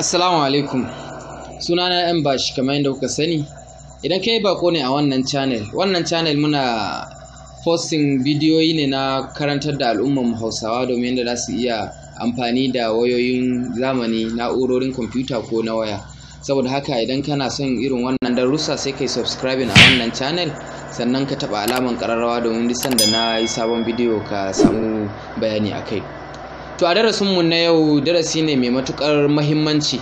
Assalamu alaikum sunana yan bashi kamar yadda kuka sani idan kai bako ne a wannan channel wannan channel muna posting bidiyoyi ne na karantar da al'umman hausawa domin da za su iya amfani da wayoyin zamani na'urorin kwamfuta ko na waya saboda haka idan kana son irin wannan darussa sai kai subscribing a wannan channel sannan ka taba alaman kararrawa domin duk da na yi sabon bidiyo ka samu bayani a kai to a darasinmu na yau darasi ne mai matukar mahimmanci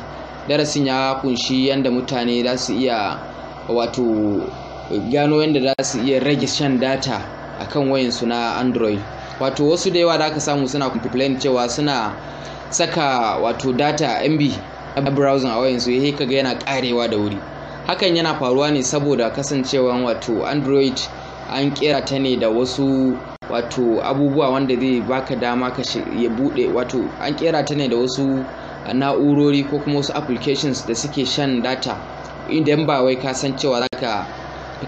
darasin ya kunshi yadda mutane za su iya wato gano yadda za su iya rage shan data akan wayansu na android wato wasu da yawa da aka samu suna complain cewa suna saka wato data mb a browsing a wayansu ya kaga yana karewa da wuri hakan yana faruwa ne saboda kasancewan wato android an kera ta ne da wasu wato abubuwa wanda zai baka dama ka ya bude wato an kera ta ne da wasu na'urori ko kuma wasu applications da suke shan data idan ba wai ka san cewa zaka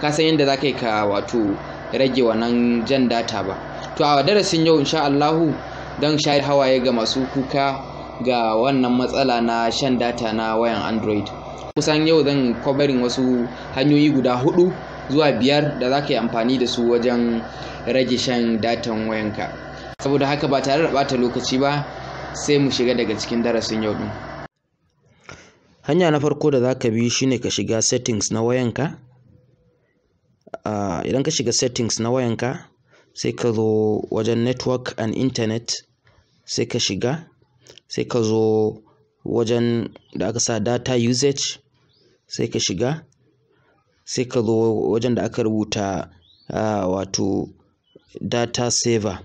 ka san yadda zaka yi ka wato rage wannan jan data ba to a darasin yau insha Allahu dan shayar hawaye ga masu kuka ga wannan matsala na shan data na wayan Android kusan yau zan kwabarin wasu hanyoyi guda hudu zuwa biyar da za ka yi amfani da su wajen rage shan datan wayanka saboda haka ba tare da bata lokaci ba sai mu shiga daga cikin darasin yau din hanya na farko da za ka bi shine ka shiga settings na wayanka idan ka shiga settings na wayanka sai ka zo wajen network and internet sai ka shiga sai ka zo wajen da aka sa data usage sai ka shiga sai ka zo wajen da aka rubuta ah, wato data saver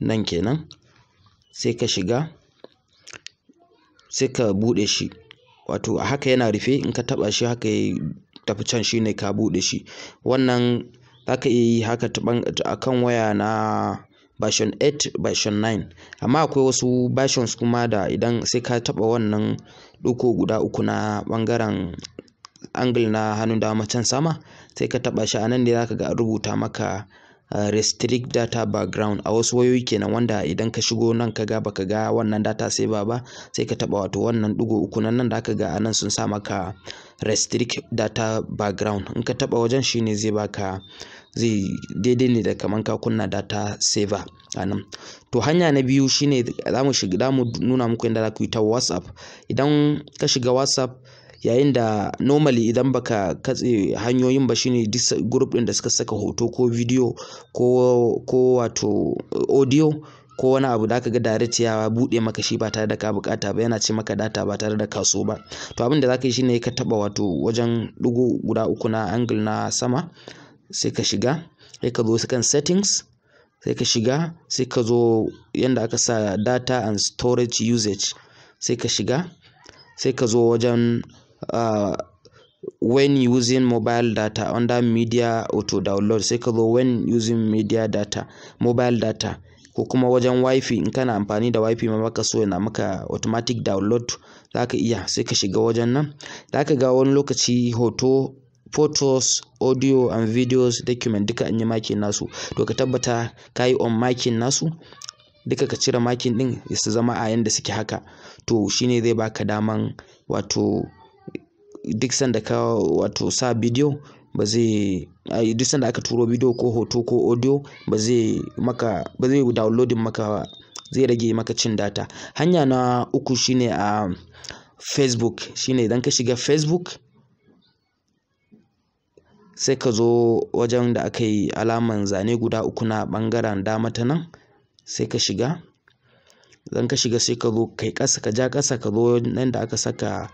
nan kenan sai ka shiga sai ka bude shi wato haka yana rufe in ka taba shi haka ya tafi can ne ka bude shi wannan zaka iya yi haka akan waya na version 8 version 9 amma akwai wasu versions kuma da idan sai ka taɓa wannan ɗuko guda uku na bangaren angle na hannun dama can sama sai ka taba shi a nan ne zaka ga an rubuta maka Uh, restrict data background a wasu wayoyi kenan wanda idan ka shigo nan ka ga baka ga wannan data sai ba ba sai ka taba wato wannan dugo uku nan nan da aka ga anan sun sa maka restrict data background in ka taba wajen shine zai baka zai daidai ne da kaman ka kunna data saver anan to hanya na biyu shine zamu shiga mu nuna muku yadda za ku yi ta WhatsApp idan ka shiga WhatsApp yayin da normally idan baka katse hanyoyin ba shine group ɗin da suka saka hoto ko video ko ko wato audio ko wani abu da aka ga direct ya buɗe maka shi ba tare da ka bukata ba yana ce maka data ba tare da kaso ba to abin da zaka yi shine ka taba wato wajen ɗigo guda uku na angle na sama sai ka shiga sai ka zo kan settings sai ka shiga sai ka zo yanda aka sa data and storage usage sai ka shiga sai ka zo wajen uh, when using mobile data under media auto download sai ka zo when using media data mobile data ko kuma wajen wifi in kana amfani da wifi ma baka so yana maka automatic download zaka iya sai ka shiga wajen nan zaka ga wani lokaci hoto photos audio and videos document duka an yi makin nasu to ka tabbata ka yi on makin nasu duka ka cire makin din su zama a yanda suke haka to shine zai baka daman wato duk sanda ka wato sa bidiyo ba zai duk sanda aka turo bidiyo ko hoto ko audio ba zai maka ba zai downloading maka zai rage maka cin data hanya na uku shine a ah, facebook shine idan ka shiga facebook sai ka zo wajen da aka yi alaman zane guda uku na bangaren dama ta nan sai ka shiga zan ka shiga sai ka zo kai ƙasa ka ja ƙasa ka zo nan da aka saka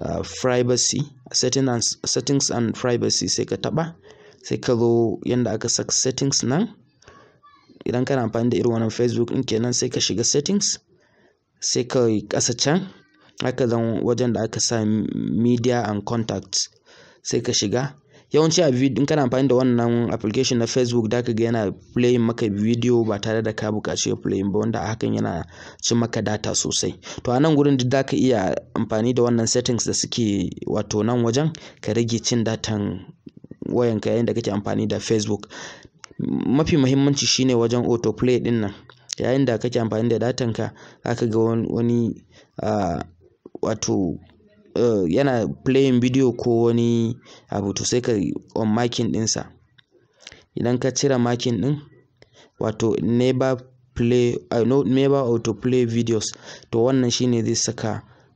Uh, privacy settings, and privacy sai ka taba sai ka zo yadda aka saka settings nan idan kana amfani da irin wannan facebook in kenan sai ka shiga settings sai ka kasa can haka zan wajen da aka sa media and contacts sai ka shiga yawanci a in kana amfani da wannan application na facebook da ga yana playing maka bidiyo ba tare da ka bukaci ya playing ba wanda hakan yana ci maka data sosai to a nan gurin duk da ka iya amfani da wannan settings da suke wato nan wajen ka rage cin datan wayanka yayin da kake amfani da facebook mafi muhimmanci shine wajen autoplay din nan yayin da kake amfani da datanka zaka ga wani ah, wato Eh, yana playing video ko wani abu to sai ka on makin ɗinsa idan ka cire makin din wato never play i eh, no, never auto play videos to wannan shine zai saka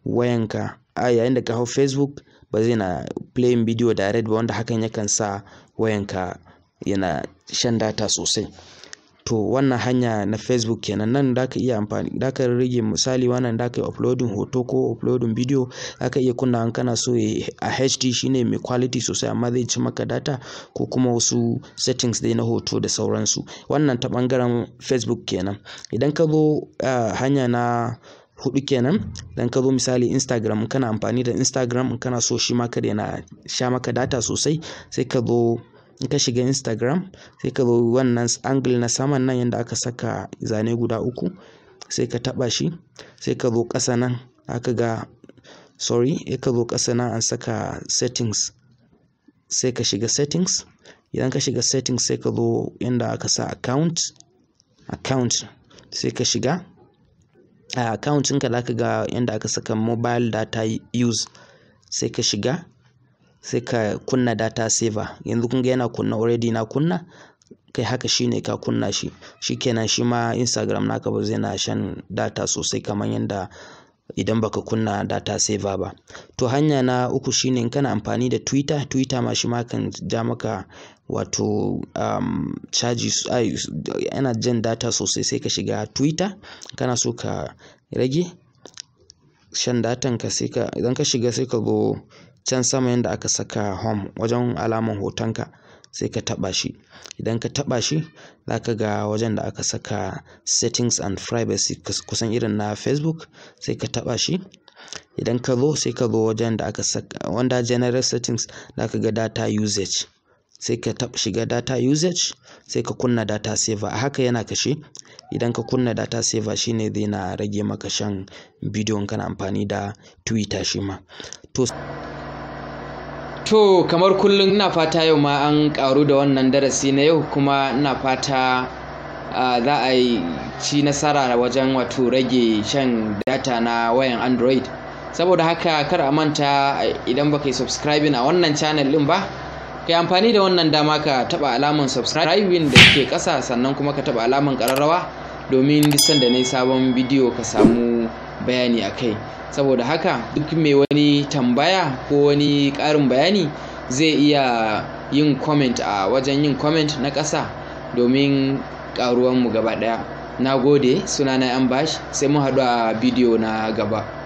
wayanka a yayin da ka hau facebook ba zai na playing video direct ba wanda hakan yakan sa wayanka yana shan data sosai to wannan hanya na facebook kenan nan da ka iya amfani da ka rage misali wannan da ka yi uploading hoto ko uploading video da ka iya kunna an kana so a hd shine mai quality sosai amma zai ci maka data ko kuma wasu settings dai na hoto da sauransu wannan ta bangaren facebook kenan idan ka zo hanya na hudu kenan dan ka zo misali instagram kana amfani da instagram kana so shi maka da yana sha maka data sosai sai ka zo in ka shiga instagram sai ka zo wannan angle na saman nan yadda aka saka zane guda uku sai ka taɓa shi sai ka zo ƙasa nan aka ga sorry ya ka zo ƙasa nan an saka settings sai ka shiga settings idan ka shiga settings sai ka zo yadda aka sa account account sai ka shiga a account ɗinka za ka ga yadda aka saka mobile data use sai ka shiga sai ka kunna data saver yanzu kun ga yana kunna already na kunna kai haka shine ka kunna shi shikenan shi ma instagram naka ba zai na shan data sosai kamar yadda idan baka kunna data saver ba to hanya na uku shine kana amfani da twitter twitter ma shi ma kan ja maka wato um, ai yana jan data sosai sai ka shiga twitter kana so ka rage shan datan ka sai ka idan ka shiga sai ka go can sama yadda aka saka hom wajen alaman hotonka sai ka taɓa shi idan ka taɓa shi za ka ga wajen da aka saka settings and privacy kusan irin na facebook sai ka taɓa shi idan ka zo sai ka zo wajen da aka saka wanda general settings za ka ga data usage sai ka taba shiga data usage sai ka kunna data saver a haka yana kashe idan ka kunna data saver shine zai na rage maka shan bidiyon kana amfani da twitter shi ma To kamar kullum ina fata yau ma an karu da wannan darasi na yau kuma ina fata za a yi ci nasara wajen wato rage shan data na wayan android saboda haka kar a manta idan baka yi subscribing a wannan channel din ba ka yi amfani da wannan dama ka taba alaman subscribing da ke kasa sannan kuma ka taba alaman kararrawa domin disan da na sabon bidiyo ka samu bayani a kai saboda haka duk mai wani tambaya ko wani ƙarin bayani zai iya yin comment a wajen yin comment na ƙasa domin ƙaruwanmu gaba ɗaya na gode sunana yan bash sai mun haɗu a bidiyo na gaba